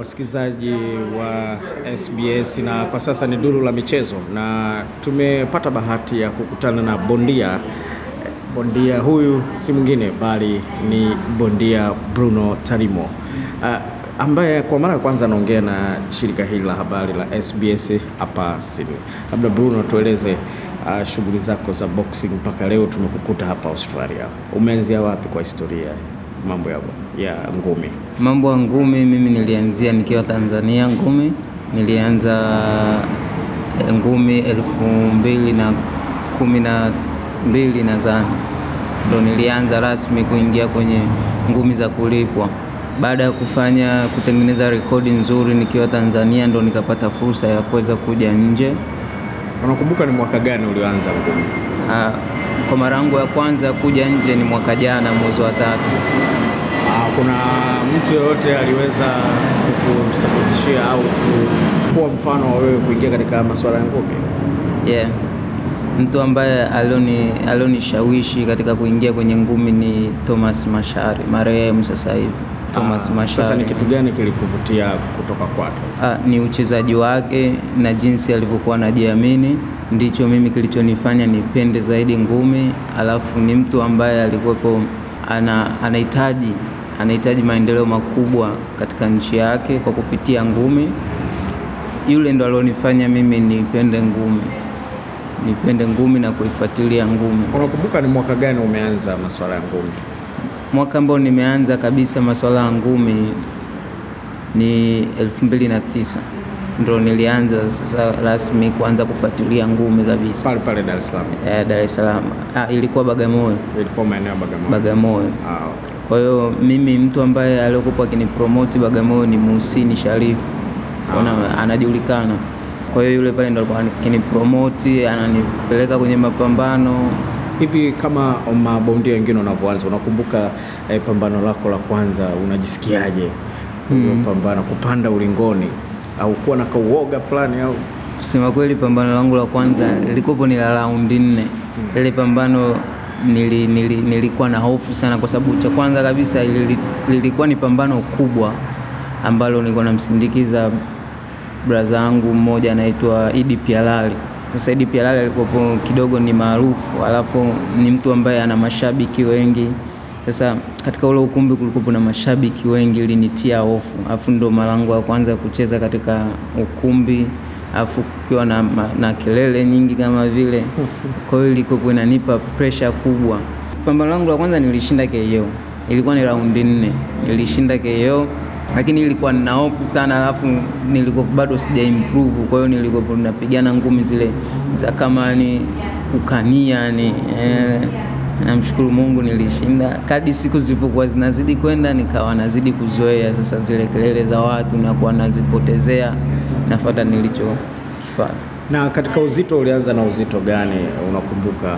wasikilizaji wa SBS na kwa sasa ni duru la michezo, na tumepata bahati ya kukutana na bondia. Bondia huyu si mwingine bali ni bondia Bruno Tarimo uh, ambaye kwa mara ya kwanza anaongea na shirika hili la habari la SBS hapa Sydney. Labda Bruno, tueleze uh, shughuli zako za boxing mpaka leo tumekukuta hapa Australia, umeanzia wapi kwa historia? mambo ya, ya ngumi? Mambo ya ngumi mimi nilianzia nikiwa Tanzania ngumi, nilianza eh, ngumi elfu mbili na kumi na mbili nadhani ndo nilianza rasmi kuingia kwenye ngumi za kulipwa. Baada ya kufanya kutengeneza rekodi nzuri nikiwa Tanzania, ndo nikapata fursa ya kuweza kuja nje. Unakumbuka ni mwaka gani ulioanza ngumi? Ah, kwa mara yangu ya kwanza kuja nje ni mwaka jana mwezi wa tatu kuna mtu yoyote aliweza kukusababishia au kuwa mfano wa wewe kuingia katika masuala ya ngumi? Yeah, mtu ambaye alionishawishi katika kuingia kwenye ngumi ni Thomas Mashari marehemu sasa hivi. Thomas ah, Mashari. Sasa ni kitu gani kilikuvutia kutoka kwake? Ah, ni uchezaji wake na jinsi alivyokuwa anajiamini ndicho mimi kilichonifanya nipende zaidi ngumi, alafu ni mtu ambaye alikuwepo ana anahitaji anahitaji maendeleo makubwa katika nchi yake kwa kupitia ngumi. Yule ndo alionifanya mimi nipende ngumi, nipende ngumi na kuifuatilia ngumi. Unakumbuka ni mwaka gani umeanza masuala ya ngumi? Mwaka ambao nimeanza kabisa masuala ya ngumi ni elfu mbili na tisa ndo nilianza sasa rasmi kuanza kufuatilia ngumi kabisa pale pale Dar es Salaam. Eh, Dar es Salaam. Ah, ilikuwa Bagamoyo. Ilikuwa maeneo ya Bagamoyo. Bagamoyo. Ah, okay. Kwa hiyo mimi mtu ambaye aliyokuwa akinipromoti Bagamoyo ni Muhsini Sharifu. Ona, anajulikana. Kwa hiyo yule pale ndo alikuwa akinipromote, ananipeleka kwenye mapambano hivi kama mabondia wengine unavyoanza, unakumbuka eh, pambano lako la kwanza unajisikiaje? mm. Pambano kupanda ulingoni au kuwa na kauoga fulani au? Kusema kweli, pambano langu la kwanza lilikuwa ni la raundi nne, lile hmm. ile pambano nili, nili, nilikuwa na hofu sana, kwa sababu cha kwanza kabisa lilikuwa ni pambano kubwa ambalo nilikuwa namsindikiza braza yangu mmoja anaitwa Idi Pialali. Sasa Idi Pialali alikuwa kidogo ni maarufu, alafu ni mtu ambaye ana mashabiki wengi. Sasa katika ule ukumbi kulikuwa na mashabiki wengi, ilinitia hofu, alafu ndo mara yangu ya kwanza kucheza katika ukumbi afu kukiwa na, na kelele nyingi kama vile. Kwa hiyo ilikuwa inanipa pressure kubwa. Pambano langu la kwanza nilishinda KO, ilikuwa ni raundi nne, nilishinda KO lakini ilikuwa nina hofu sana, alafu nilikuwa bado sija improve. Kwa hiyo nilikuwa napigana ngumi zile za kama ni kukania ni eh, namshukuru Mungu nilishinda. Kadi siku zilivyokuwa zinazidi kwenda, nikawa nazidi kuzoea sasa zile kelele za watu na kuwa nazipotezea nafuata nilichokifanya. Na katika uzito, ulianza na uzito gani? Unakumbuka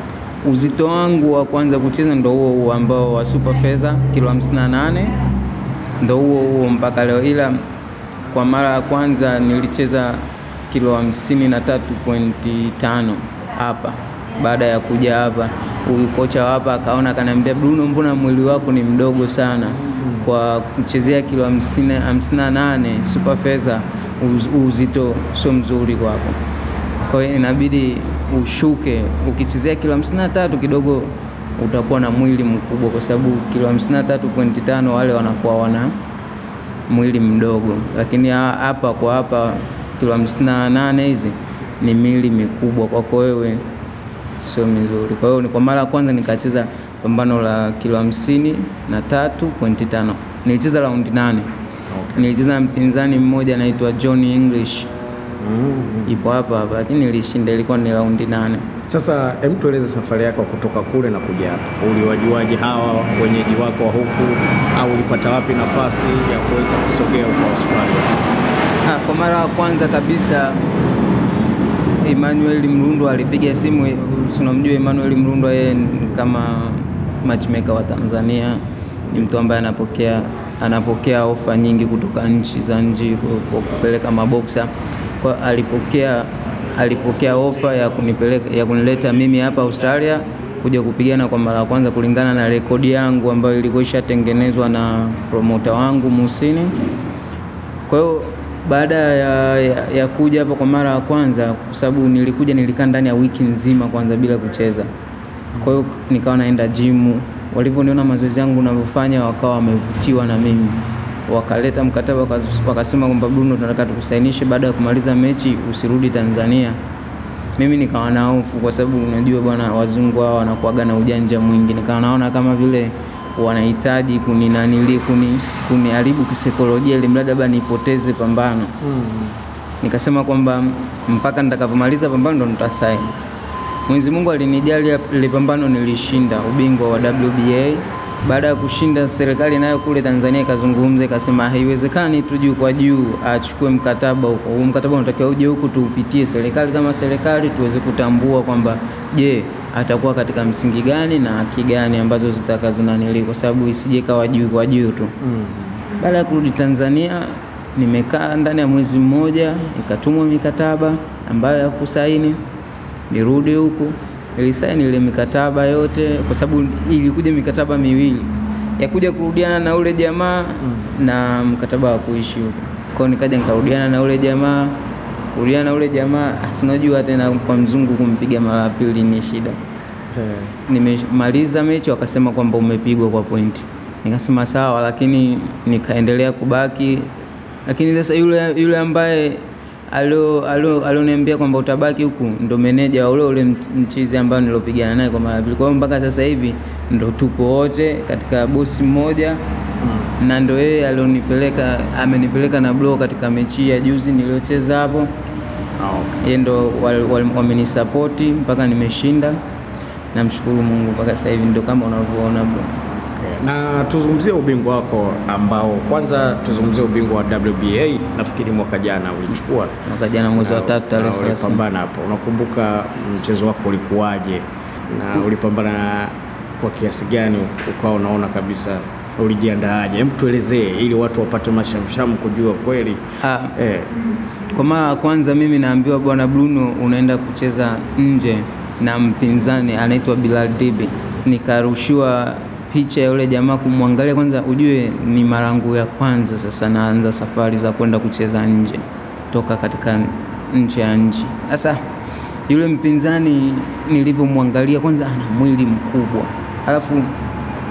uzito wangu wa kwanza kucheza ndo huo huo ambao wa super fedha kilo 58 ndo huo huo mpaka leo, ila kwa mara ya kwanza nilicheza kilo 53.5 hapa. Baada ya kuja hapa, huyu kocha hapa akaona, akaniambia Bruno, mbona mwili wako ni mdogo sana kwa kuchezea kilo 58 super fedha uzito sio mzuri kwako. Kwa hiyo inabidi ushuke. Ukichezea kilo hamsini na tatu kidogo utakuwa na mwili mkubwa, kwa sababu kilo hamsini na tatu pointi tano wale wanakuwa wana mwili mdogo, lakini hapa kwa hapa kilo hamsini na nane hizi ni mili mikubwa kwako wewe, sio mizuri. Kwa hiyo ni kwa mara ya kwanza nikacheza pambano la kilo hamsini na tatu pointi tano nilicheza raundi nane nilicheza mpinzani mmoja anaitwa John English mm. ipo hapa hapa lakini nilishinda, ilikuwa ni raundi nane. Sasa hem, tueleze safari yako kutoka kule na kuja hapa. Uliwajuaje hawa wenyeji wako wa huku, au ulipata wapi nafasi ya kuweza kusogea kwa Australia? Ha, ah, kwa mara ya kwanza kabisa Emmanuel Mrundwa alipiga simu. Unamjua Emmanuel Mrundwa, yeye kama matchmaker wa Tanzania, ni mtu ambaye anapokea anapokea ofa nyingi kutoka nchi za nje kwa kupeleka maboksa kwa, alipokea, alipokea ofa ya kunipeleka, ya kunileta mimi hapa Australia kuja kupigana kwa mara ya kwanza kulingana na rekodi yangu ambayo ilikuwa ishatengenezwa na promota wangu Musini. Kwa hiyo baada ya, ya, ya kuja hapa kwa mara ya kwanza, kwa sababu nilikuja nilikaa ndani ya wiki nzima kwanza bila kucheza, kwa hiyo nikawa naenda jimu walivyoniona mazoezi yangu navyofanya, wakawa wamevutiwa na mimi, wakaleta mkataba, wakasema kwamba Bruno, tunataka tukusainishe, baada ya kumaliza mechi usirudi Tanzania. Mimi nikawa na hofu, kwa sababu unajua bwana, wazungu hao wanakuaga na ujanja mwingi, nikawa naona kama vile wanahitaji kuninanili kuni kuniharibu kisaikolojia, ili mradi labda nipoteze pambano mm. Nikasema kwamba mpaka nitakapomaliza pambano ndo nitasaini. Mwenyezi Mungu alinijali ile pambano, nilishinda ubingwa wa WBA. Baada ya kushinda, serikali nayo kule Tanzania ikazungumza ikasema, haiwezekani tu juu kwa juu achukue mkataba huko. Huu mkataba unatakiwa uje huku tuupitie serikali kama serikali, tuweze kutambua kwamba je, atakuwa katika msingi gani na haki gani ambazo zitakazonanili, kwa sababu isije kawa juu kwa juu tu mm. Baada ya kurudi Tanzania nimekaa ndani ya mwezi mmoja, ikatumwa mikataba ambayo ya kusaini nirudi huku nilisaini ile mikataba yote, kwa sababu ilikuja mikataba miwili ya kuja kurudiana na ule jamaa mm. na mkataba wa kuishi huko. kwao, nikaja nikarudiana na ule jamaa kurudiana na ule jamaa, si unajua tena kwa mzungu kumpiga mara ya pili ni shida yeah. Nimemaliza mechi wakasema kwamba umepigwa kwa pointi, nikasema sawa, lakini nikaendelea kubaki, lakini sasa yule, yule ambaye alioniambia kwamba utabaki huku ndo meneja wa ule ule mchizi ambayo nilopigana naye kwa mara pili. Kwa hiyo mpaka sasa hivi ndo tupo wote katika bosi mmoja mm. na ndo yeye alionipeleka amenipeleka na blow katika mechi ya juzi niliocheza hapo ah, okay. Yeye ndo wamenisapoti mpaka nimeshinda, namshukuru Mungu mpaka sasa hivi ndo kama unavyoona bro. Na tuzungumzie ubingwa wako ambao kwanza tuzungumzie ubingwa wa WBA nafikiri mwaka jana ulichukua. Mwaka jana mwezi wa tatu tarehe 30. Ulipambana hapo. Unakumbuka mchezo wako ulikuwaje na ulipambana kwa kiasi gani ukawa unaona kabisa ulijiandaaje? Hebu tuelezee ili watu wapate mashamshamu kujua kweli. Ah, eh. Kwa mara kwanza mimi naambiwa bwana Bruno unaenda kucheza nje na mpinzani anaitwa Bilal Dibi. Nikarushiwa picha ya yule jamaa kumwangalia kwanza, ujue ni marangu ya kwanza. Sasa naanza safari za kwenda kucheza nje, toka katika nje ya nchi. Sasa yule mpinzani nilivyomwangalia, kwanza ana mwili mkubwa, alafu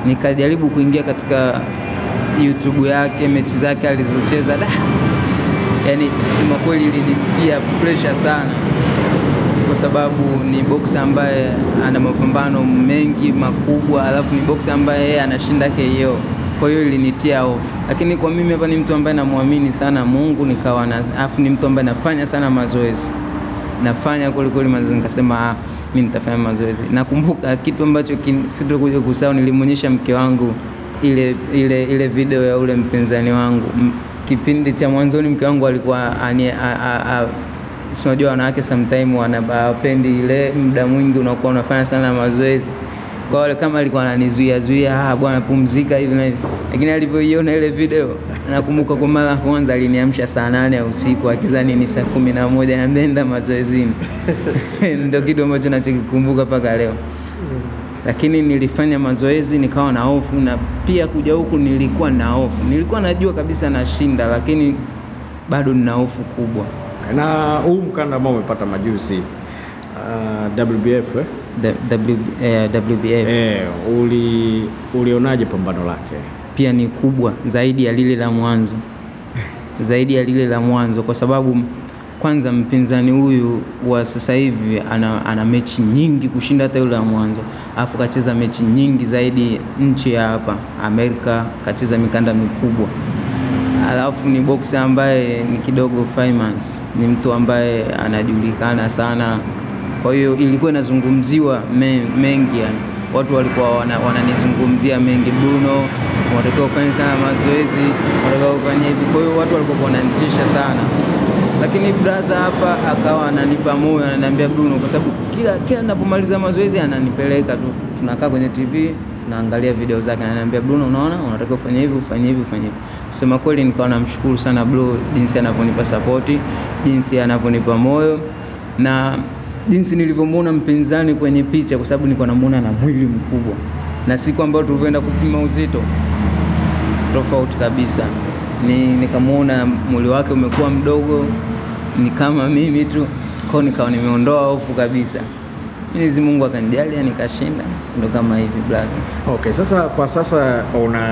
nikajaribu kuingia katika YouTube yake, mechi zake alizocheza da, yani kusema kweli ilinitia pressure sana sababu ni boksa ambaye ana mapambano mengi makubwa, alafu ni boksa ambaye yeye anashinda KO, kwa hiyo ilinitia off. Lakini kwa mimi hapa ni mtu ambaye namwamini sana Mungu, nikawa na afu ni mtu ambaye nafanya sana mazoezi, nafanya kweli kweli mazoezi, nikasema ah, mimi nitafanya mazoezi. Nakumbuka kitu ambacho sitokuja kusahau, nilimwonyesha mke wangu ile, ile, ile video ya ule mpinzani wangu. Kipindi cha mwanzoni mke wangu alikuwa ani, a, a, a, si unajua wanawake sometimes wanapendi ile muda mwingi unakuwa unafanya sana mazoezi. Kwa wale kama alikuwa ananizuia zuia, ah bwana pumzika hivi na hivi. Lakini alivyoiona ile video, nakumbuka kwa mara kwanza aliniamsha saa nane ya usiku akizani ni saa kumi na moja nenda mazoezini. Ndio kitu ambacho nachokikumbuka mpaka leo. Lakini nilifanya mazoezi nikawa na hofu na pia kuja huku nilikuwa na hofu. Nilikuwa najua kabisa nashinda lakini bado nina hofu kubwa na huu mkanda ambao umepata majuzi uh, WBF eh? The, w, uh, eh, WBF eh, uli, ulionaje pambano lake? Pia ni kubwa zaidi ya lile la mwanzo zaidi ya lile la mwanzo kwa sababu kwanza mpinzani huyu wa sasa hivi ana, ana mechi nyingi kushinda hata yule wa mwanzo, alafu kacheza mechi nyingi zaidi nchi ya hapa Amerika, kacheza mikanda mikubwa alafu ni boxer ambaye ni kidogo finance, ni mtu ambaye anajulikana sana, kwa hiyo ilikuwa inazungumziwa mengi, yani watu walikuwa wananizungumzia wana mengi, Bruno unatakiwa kufanya sana mazoezi, unatakiwa ufanye hivi. Kwa hiyo watu walikuwa wananitisha sana, lakini brother hapa akawa ananipa moyo, ananiambia Bruno, kwa sababu kila kila ninapomaliza mazoezi ananipeleka tu, tunakaa kwenye TV tunaangalia video zake, ananiambia Bruno, unaona unataka ufanye hivi ufanye hivi ufanye hivi. Kusema kweli, nikawa namshukuru sana Bruno jinsi anavyonipa sapoti, jinsi anavyonipa moyo na jinsi nilivyomuona mpinzani kwenye picha, kwa sababu niko namuona na mwili mkubwa, na siku ambayo tulivyoenda kupima uzito tofauti kabisa, ni nikamuona mwili wake umekuwa mdogo, ni kama mimi tu kwao, nikawa nimeondoa hofu kabisa. Mwenyezi Mungu akanijalia nikashinda ndo kama hivi black. Okay, sasa kwa sasa una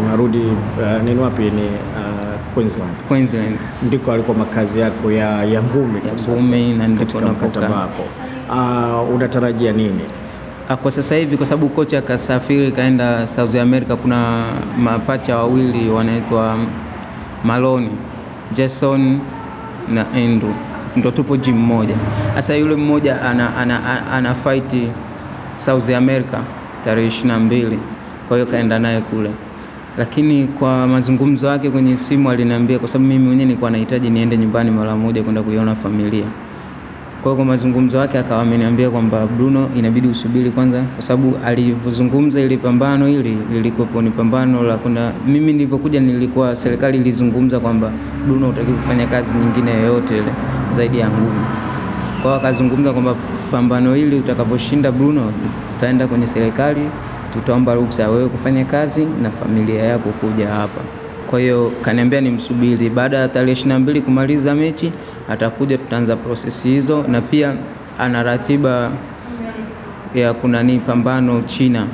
unarudi uh, nini wapi ni uh, Queensland. Queensland ndiko alikuwa makazi yako ya ya ngumi ngumi na ndipo hapo. Uh, unatarajia nini? Ah, kwa sasa hivi kwa sababu kocha akasafiri kaenda South America, kuna mapacha wawili wanaitwa Maloni Jason na Andrew, ndo tupo gym moja. Sasa yule mmoja ana, ana, ana, ana fight South America tarehe 22. Kwa hiyo kaenda naye kule, lakini kwa mazungumzo yake kwenye simu aliniambia, kwa sababu mimi mwenyewe nilikuwa nahitaji niende nyumbani mara moja kwenda kuiona familia. Kwa hiyo kwa mazungumzo yake akawa ameniambia kwamba Bruno, inabidi usubiri kwanza, kwa sababu alivyozungumza ili pambano hili lilikuwa ni pambano la kuna, mimi nilivyokuja nilikuwa serikali ilizungumza kwamba Bruno utaki kufanya kazi nyingine yoyote ile zaidi ya ngumi. Kwa hiyo akazungumza kwamba pambano hili utakaposhinda Bruno, tutaenda kwenye serikali, tutaomba ruhusa ya wewe kufanya kazi na familia yako kuja hapa. Kwa hiyo kaniambia nimsubiri, baada ya tarehe ishirini na mbili kumaliza mechi atakuja, tutaanza prosesi hizo, na pia ana ratiba ya kuna ni pambano China,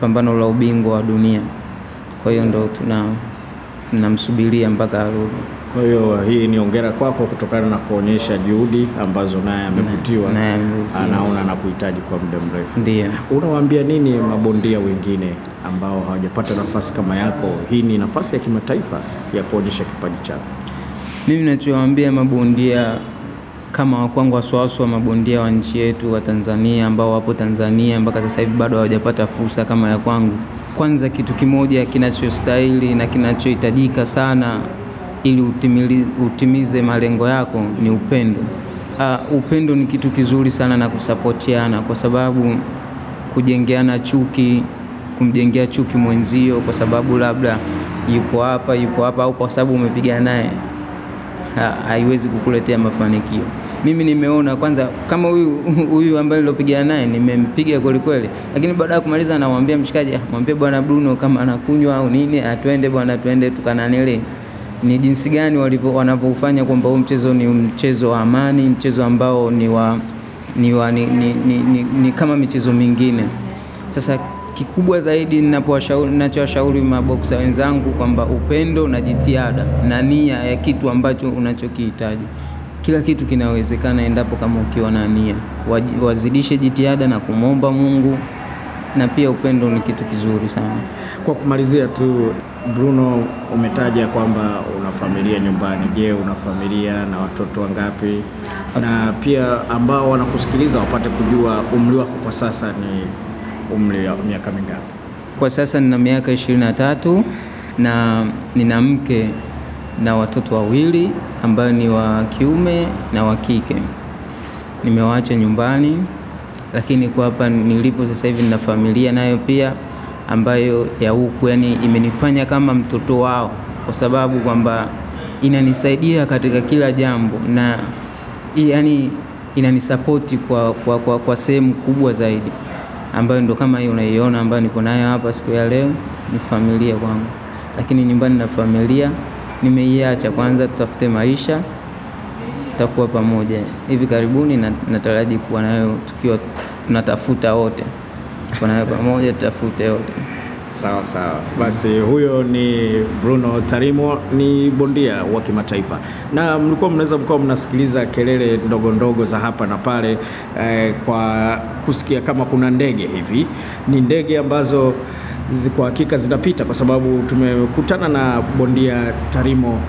pambano la ubingwa wa dunia. Kwa hiyo ndo tunamsubiria tuna mpaka arudi. Kwa hiyo uh, hii ni ongera kwako kutokana na kuonyesha juhudi ambazo naye amevutiwa, anaona na kuhitaji kwa muda mrefu. Ndiyo. Unawaambia nini mabondia wengine ambao hawajapata nafasi kama yako? Hii ni nafasi ya kimataifa ya kuonyesha kipaji chako. Mimi nachowaambia mabondia kama wakwangu waswaswa wa mabondia wa nchi yetu wa Tanzania ambao wapo Tanzania mpaka sasa hivi bado hawajapata fursa kama ya kwangu, kwanza kitu kimoja kinachostahili na kinachohitajika sana ili utimili, utimize malengo yako ni upendo. Uh, upendo ni kitu kizuri sana na kusapotiana, kwa sababu kujengeana chuki, kumjengea chuki mwenzio kwa sababu labda yupo hapa yupo hapa, au kwa sababu umepiga naye, haiwezi kukuletea mafanikio. Mimi nimeona kwanza, kama huyu huyu ambaye nilopigana naye nimempiga kweli kweli, lakini baada ya kumaliza, namwambia mshikaji, ah, mwambie bwana Bruno kama anakunywa au nini, atwende ah, bwana, twende tukananele ni jinsi gani wanavyofanya kwamba huu mchezo ni mchezo wa amani, mchezo ambao ni, wa, ni, wa, ni, ni, ni, ni, ni kama michezo mingine. Sasa kikubwa zaidi ninachowashauri maboksa wenzangu kwamba upendo na jitihada na nia ya kitu ambacho unachokihitaji, kila kitu kinawezekana endapo kama ukiwa na nia. Wazidishe jitihada na kumwomba Mungu, na pia upendo ni kitu kizuri sana. Kwa kumalizia tu Bruno, umetaja kwamba una familia nyumbani. Je, una familia na watoto wangapi? Na pia ambao wanakusikiliza wapate kujua umri wako kwa sasa ni umri wa miaka mingapi? Kwa sasa nina miaka ishirini na tatu na nina mke na watoto wawili ambao ni wa kiume na wa kike. Nimewaacha nyumbani, lakini kwa hapa nilipo sasa hivi nina familia nayo pia ambayo ya huku, yani imenifanya kama mtoto wao, kwa sababu kwamba inanisaidia katika kila jambo na yani inanisapoti kwa, kwa, kwa, kwa sehemu kubwa zaidi ambayo ndo kama hiyo unaiona ambayo niko nayo hapa siku ya leo, ni familia kwangu. Lakini nyumbani na familia nimeiacha, kwanza tutafute maisha, tutakuwa pamoja hivi karibuni na nataraji kuwa nayo tukiwa tunatafuta wote. Kwa pamoja tutafute yote. Sawa sawa, basi huyo ni Bruno Tarimo, ni bondia wa kimataifa, na mlikuwa mnaweza mkawa mnasikiliza kelele ndogo ndogo za hapa na pale eh, kwa kusikia kama kuna ndege hivi. Ni ndege ambazo kwa hakika zinapita, kwa sababu tumekutana na bondia Tarimo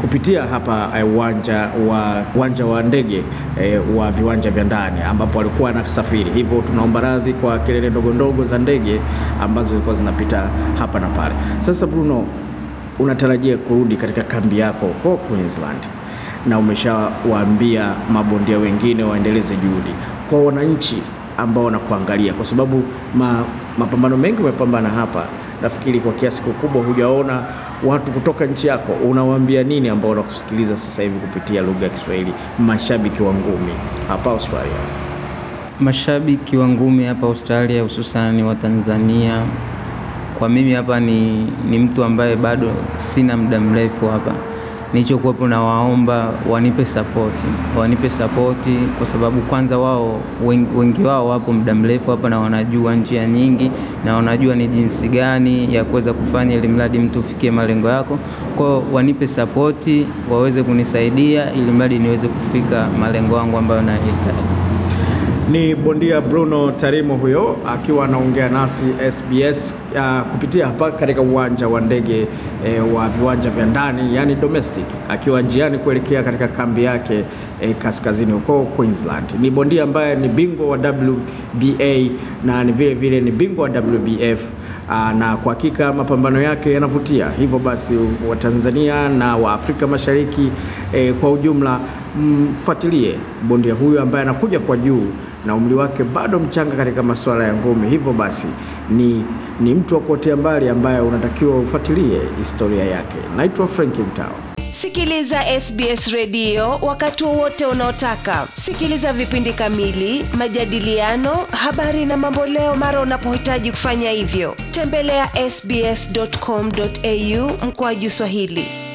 kupitia hapa eh, uwanja uh, wa uwanja wa ndege uh, wa viwanja vya ndani ambapo walikuwa anasafiri Hivyo tunaomba radhi kwa kelele ndogo ndogo za ndege ambazo zilikuwa zinapita hapa na pale. Sasa Bruno, unatarajia kurudi katika kambi yako huko Queensland na umeshawaambia mabondia wengine waendeleze juhudi kwa wananchi ambao wanakuangalia, kwa sababu ma, mapambano mengi umepambana hapa nafikiri kwa kiasi kikubwa hujaona watu kutoka nchi yako. Unawaambia nini ambao wanakusikiliza sasa hivi kupitia lugha ya Kiswahili, mashabiki wa ngumi hapa Australia? Mashabiki wa ngumi hapa Australia, hususan wa Tanzania, kwa mimi hapa ni, ni mtu ambaye bado sina muda mrefu hapa nilichokuwepo na waomba wanipe sapoti, wanipe sapoti kwa sababu kwanza wao wengi wao wapo muda mrefu hapa na wanajua njia nyingi na wanajua ni jinsi gani ya kuweza kufanya ili mradi mtu ufikie malengo yako. Kwao wanipe sapoti, waweze kunisaidia ili mradi niweze kufika malengo yangu ambayo nahitaji. Ni bondia Bruno Tarimo huyo akiwa anaongea nasi SBS uh, kupitia hapa katika uwanja wa ndege e, wa viwanja vya ndani yani domestic, akiwa njiani kuelekea katika kambi yake e, kaskazini huko Queensland. Ni bondia ambaye ni bingwa wa WBA na ni vile vile ni bingwa wa WBF uh, na kwa hakika mapambano yake yanavutia. Hivyo basi Watanzania na Waafrika Mashariki e, kwa ujumla mm, mfuatilie bondia huyu ambaye anakuja kwa juu na umri wake bado mchanga katika masuala ya ngumi. Hivyo basi ni, ni mtu wa kuotea mbali ambaye unatakiwa ufuatilie historia yake. Naitwa Frank Mtao. Sikiliza SBS redio wakati wowote unaotaka. Sikiliza vipindi kamili, majadiliano, habari na mamboleo mara unapohitaji kufanya hivyo. Tembelea sbs.com.au mkoaji Swahili.